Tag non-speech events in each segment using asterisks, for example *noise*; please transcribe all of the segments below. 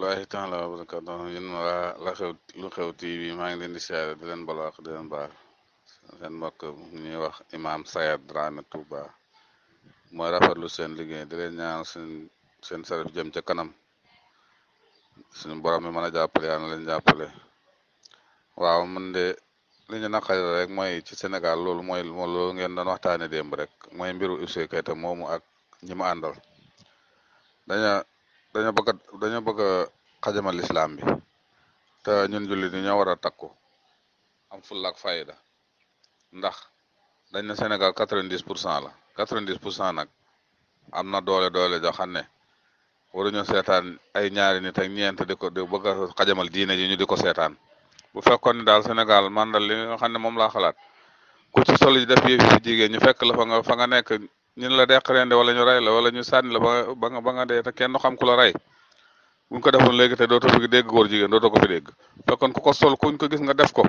rahmatullahi taala wa barakatuh yéen waa la xew lu xew TV maa ngi leen di siyaare di leen balaax di leen baal seen mbokk ñuy wax imam Sayad Dramé Touba mooy rafetlu seen liggéey di leen ñaan seen seen sarif jëm ca kanam suñu borom mi mën a jàppale yaa leen jàppale waaw man de li ñu naqari rek mooy ci Sénégal loolu mooy loolu ngeen doon waxtaane démb rek mooy mbiru Ouzin Keita moomu ak ñi mu daña dañoo bëgg dañoo bëgg a xajamal lislaam bi te ñun jullit ñi ñoo war a takku am fulla ak fayda ndax dañ na Sénégal quatre-vingt-dix pour cent la quatre-vingt-dix pour cent nag am na doole doole joo xam ne waruñu seetaan ay ñaari nit ak ñeent di ko di bëgg a xajamal diine ji ñu di ko seetaan bu fekkoon ni daal Sénégal man daal li nga xam ne moom laa xalaat ku ci sol yi ñu fekk la fa nekk ñu la deq rende wala ñu rey la wala ñu sànni la ba ba nga ba nga dee te kenn xam ku la rey buñ ko defoon léegi te dootoo fi dégg góor jigéen dootoo ko fi dégg kon ku ko sol kuñ ko gis nga def ko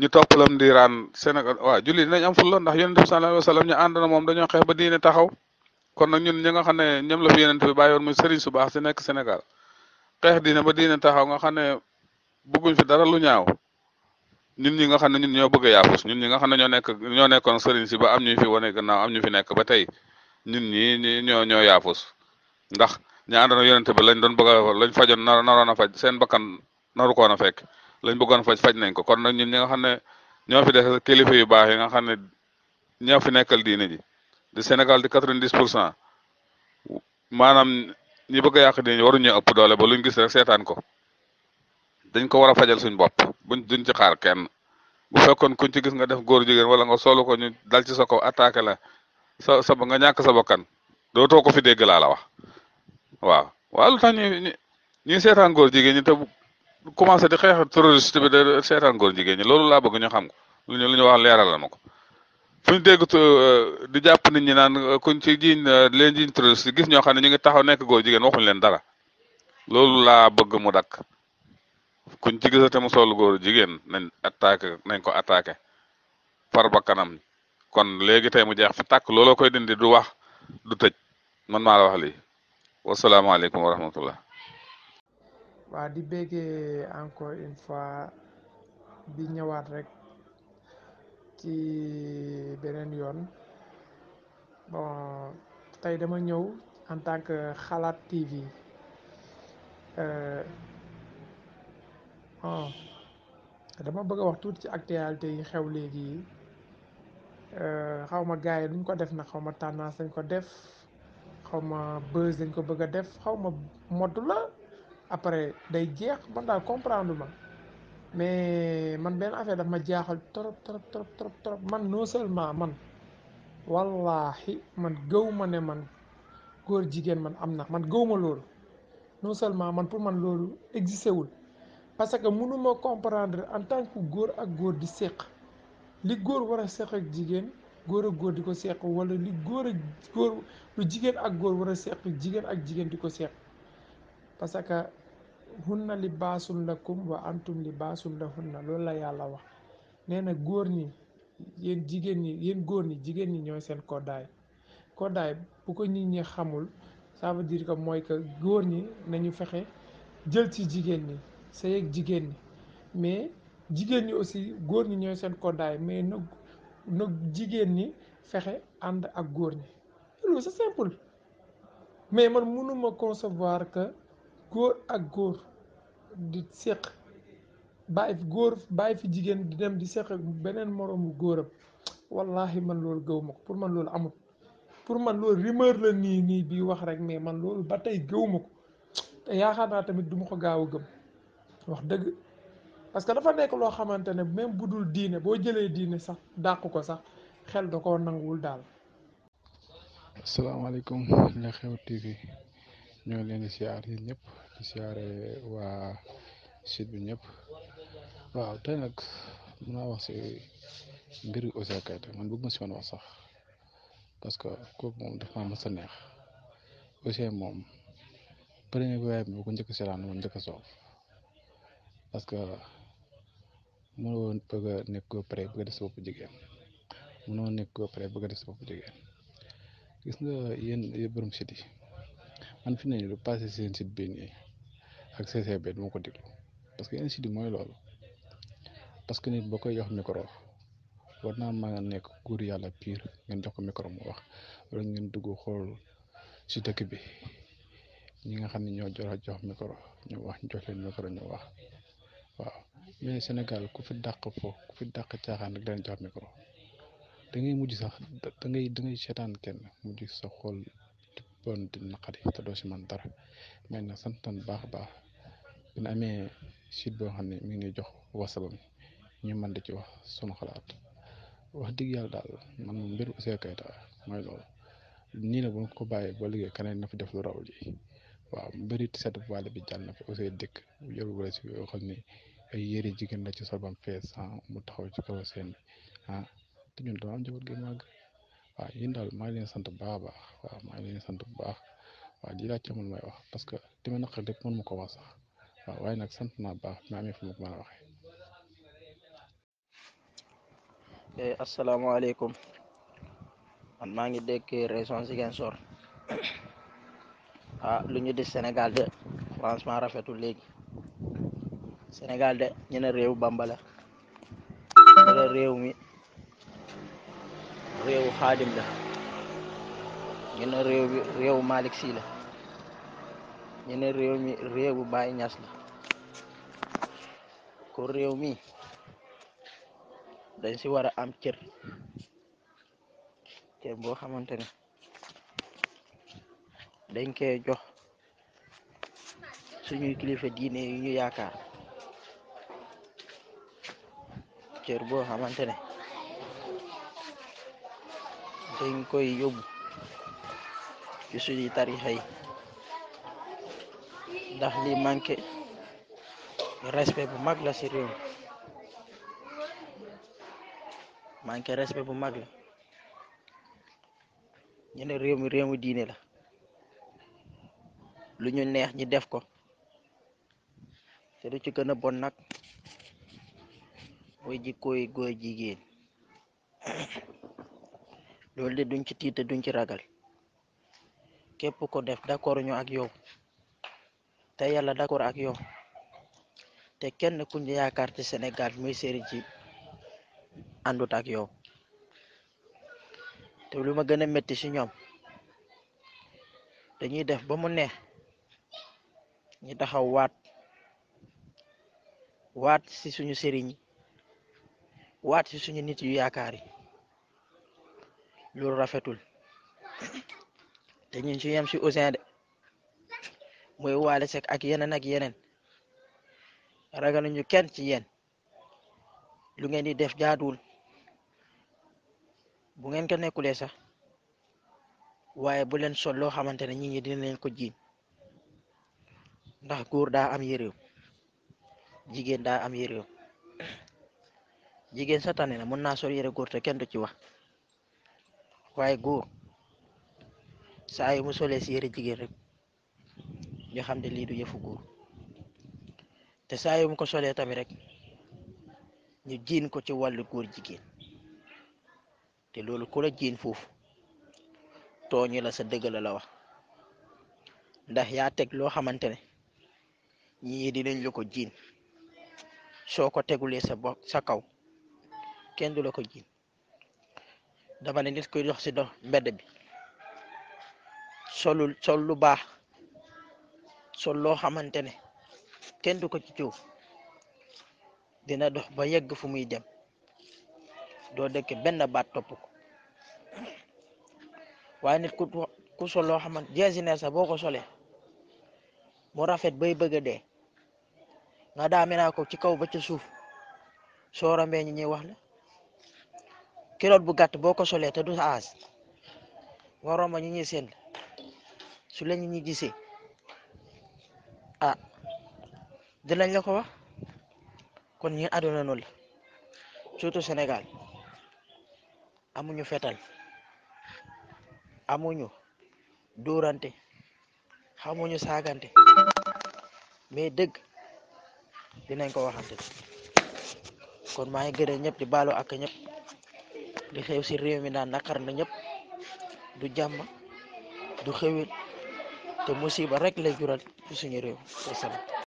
ñu la ndiiraan Sénégal waaw julli dinañ am la ndax yonente bi sallallahu alayhi ñu ànd na moom dañoo xeex ba diine taxaw kon nag ñun ñi nga xam ne ñoom la fi yonente bi bàyyoon muy sëriñ su baax si nekk Sénégal xeex diine ba diine taxaw nga xam ne bëgguñ fi dara lu ñaaw ñun ñi nga xam ne ñun ñoo bëgg a yaafus ñun ñi nga xam ne ñoo nekk ñoo nekkoon sëriñ si am ñu fi wane gannaaw ñu fi nekk ba tey ñun ñii ñoo ñoo yaafus ndax ña àndoon yonent bi lañ doon bëgg a lañ fajoon nar naroon a faj seen bakkan naru koon a fekk lañ bëggoon faj faj nañ ko kon nag ñun ñi nga xam ne ñoo fi des kilifa yu baax yi nga xam ne ñoo fi nekkal diine ji di Sénégal di quatre-vingt-dix pour cent maanaam ñi bëgg a yàq waru ñu ëpp doole ba luñ gis rek seetaan ko dañ ko war a fajal suñ bopp buñ duñ ci xaar kenn bu fekkoon kuñ ci gis nga def góor jigéen wala nga solu ko ñu dal ci sa kaw attaqué la sa sa nga ñàkk sa bakkan dootoo ko fi dégg laa la wax waaw waaw lu tax ñu ñuy seetaan góor jigéen ñi te commencé di xeex terroriste bi de seetaan góor jigéen ñi loolu laa bëgg ñu xam ko lu ñu lu ñu wax leeralal ma ko fu ñu dégg euh, di jàpp nit ñi naan euh, kuñ ci jiiñ euh, leen jiiñ terroriste ñoo xam ne ñu ngi taxaw nekk góor jigéen waxuñ leen dara loolu laa bëgg mu dakk kuñ ci gisate mu sol góor jigéen nañ attaqué nañ ko attaqué far ba kanam kon léegi tey mu jeex fi tàkk looloo koy dindi du wax du tëj man maa la wax lii wasalaamaaleykum wa rahmatullah waa di béggee encore une fois di ñëwaat rek ci beneen yoon bon tey dama ñëw en tant que xalaat TV euh, Ah. dama bëgg a wax tuuti ci actualité yi xew léegi yi eh, xaw ma gars yi duñ ko def na xaw ma tendance dañ ko def xaw ma buzz dañ ko bëgg a def xaw ma motu la après day jeex man daal comprendre ma mais man benn affaire daf ma jaaxal trop trop trop trop trop man non seulement man wallaahi man gëw ma ne man góor jigéen man am na man gëw ma loolu non seulement man pour man loolu existé wul. parce que mënuma comprendre en tant que góor ak góor di séq li góor war a séq ak jigéen góor ak góor di ko séq wala li góor ak góor lu jigéen ak góor war a séq jigéen ak jigéen di ko séq parce que hunna li baasul lakum wa antum li baasul la hunna loolu la yàlla wax nee na góor ñi yéen jigéen ñi yéen góor ñi jigéen ñi ñooy seen koddaay koddaay bu ko nit ñi xamul ça veut dire mooy que góor ñi nañu fexe jël ci jigéen ñi sëy ak jigéen ñi mais jigéen ñi aussi góor ñi ñooy seen koddaay mais nag nag jigéen ñi fexe ànd ak góor ñi loolu c'est simple mais man mënuma consevoir que góor ak góor di séq bàyyi fi góor bàyyi fi jigéen di dem di séq beneen moroomu góoram wallahi man loolu gëw ma ko pour man loolu amul pour man loolu rumeur la nii nii bii wax rek mais man loolu ba tey gëw ko te yaakaar naa tamit duma ko gaaw a gëm wax dëgg parce que dafa nekk loo xamante ne même bu dul diine boo jëlee diine sax dàq ko sax xel da koo nanguwul daal. asalaamaaleykum Lu Xew TV ñoo leen di siyaar yi ñëpp di siyaare waa sud bi ñëpp waaw tey nag mën naa wax si mbiru Ouzin Keita man bëgg ma si woon wax sax parce que kook moom dafa ma mës a neex Ouzin moom premier bi waaye bi bu ko njëkk a moom njëkk a parce que mënoo bëgg a nekk koo pare bëgg a def sa bopp jigéen mënoo nekk koo pare bëgg a def sa bopp jigéen gis nga yéen borom site yi man fi nañu lu passé seen site bii nii ak CCB du ma ko déglu parce que yéen site mooy loolu parce que nit boo koy jox micro war naa maa nekk góor yàlla piir ngeen jox ko micro mu wax wala ngeen dugg xool si dëkk bi ñi nga xam ni ñoo jox jox micro ñu wax ñu jox leen wax waaw mais Sénégal ku fi dàq fo ku fi dàq caaxaan rek dañ jox micro da ngay mujj sax da ngay da ngay seetaan kenn mujj sa xool di bon di naqari te doo si man dara mais nag sant nañ baax a baax bu ñu amee site boo xam ne mi ngi jox wasabam ñu mën di ci wax sunu xalaat wax dëgg yàlla daal man mbir Ouzin Keita mooy loolu nii la bu ko bàyyee ba liggéey keneen na fi def lu raw lii waaw mbërit set waale bi jàll na fi Ouzin dëkk yor wala si yoo xam ne ay yére jigéen la ci sol bam fees ah, mu taxaw ci kaw seen bi ah te ñun dama am njaboot gi màgg waaw yéen daal maa ngi leen sant bu baax a baax waaw maa ngi leen sant bu baax waaw lii laa ci amoon may wax parce que li ma naqar lépp mën ma ko wax sax waaw waaye nag sant naa baax mi amee fu ma ko mën a waxee. Eh, asalaamaaleykum man maa ngi dëkk région Ziguinchor *coughs* ah lu ñu di Sénégal de franchement rafetul léegi. Sénégal de ñu ne réew Bamba la mi réewu xaadim la ñu la ñu ne réew mi réewu Baye Niass ko réew mi dañ si war a am cër cër boo xamante ne dañ koy jox suñuy kilifa diine yu ñu yaakaar boo xamante ne dañ koy yóbbu ci suñu tarixa yi ndax li manqué respect bu mag la si réew manke respect bu mag la ñu ne réew mi réew mu diine la lu ñu neex ñi def ko te lu ci bon nag mooy jikoy góor jigéen loolu de duñ ci tiit te duñ ci ragal képp ko def d'accord ñu ak yow te yàlla d'accord ak yow te kenn kuñ yaakaar ci Sénégal muy sëriñ ci àndut ak yow te lu ma gën a métti ci ñoom dañuy def ba mu neex ñu taxaw waat waat ci suñu sëriñ waat si suñu nit yu yaakaar yi loolu rafetul te ñun si yem si Ouzin de mooy Wally Seck ak yeneen ak yeneen ragaluñu kenn ci yéen lu ngeen di def jaaduwul bu ngeen ko nekkulee sax waaye bu leen sol loo xamante ne ñi ñi dina leen ko jiin ndax góor daa am yéréew jigéen daa am yéréew jigéen sa tane na mën naa sol yére góor te kenn du ci wax waaye góor saa yu mu solee si yére jigéen rek ñu xam ne lii du yëfu góor te saa yu ko solee tami rek ñu jiin ko ci wàllu góor jigéen te loolu ku la jiin foofu tooñu la sa dëgg la la wax ndax yaa teg loo xamante ne ñii dinañ la ko jiin soo ko tegulee sa sa kaw kenn du la ko jiin dama ne nit kuy dox si dox mbedd bi solul sol lu baax sol loo xamante ne kenn du ko ci coow dina dox ba yegg fu muy dem doo dëkk benn baat topp waaye nit ku ku sol loo xamante jasineer sax boo ko solee mu rafet bay bëgg a dee nga daa naa ko ci kaw ba ca suuf soo rombee ñi ñuy wax la kiloot bu gàtt boo ko solee te du aas nga romb ñu ñuy seen su la ñu ñuy gisee ah dinañ la ko wax kon ñun àdduna noonu la Sénégal amuñu fetal amuñu duurante xamuñu saagante mais dëgg dinañ ko waxante kon maa ngi gërëm di baalu ak ñëpp. li xew si réew mi daan naqar na ñëpp du jàmm du xewil te musiba rek lay jural ci suñu réew.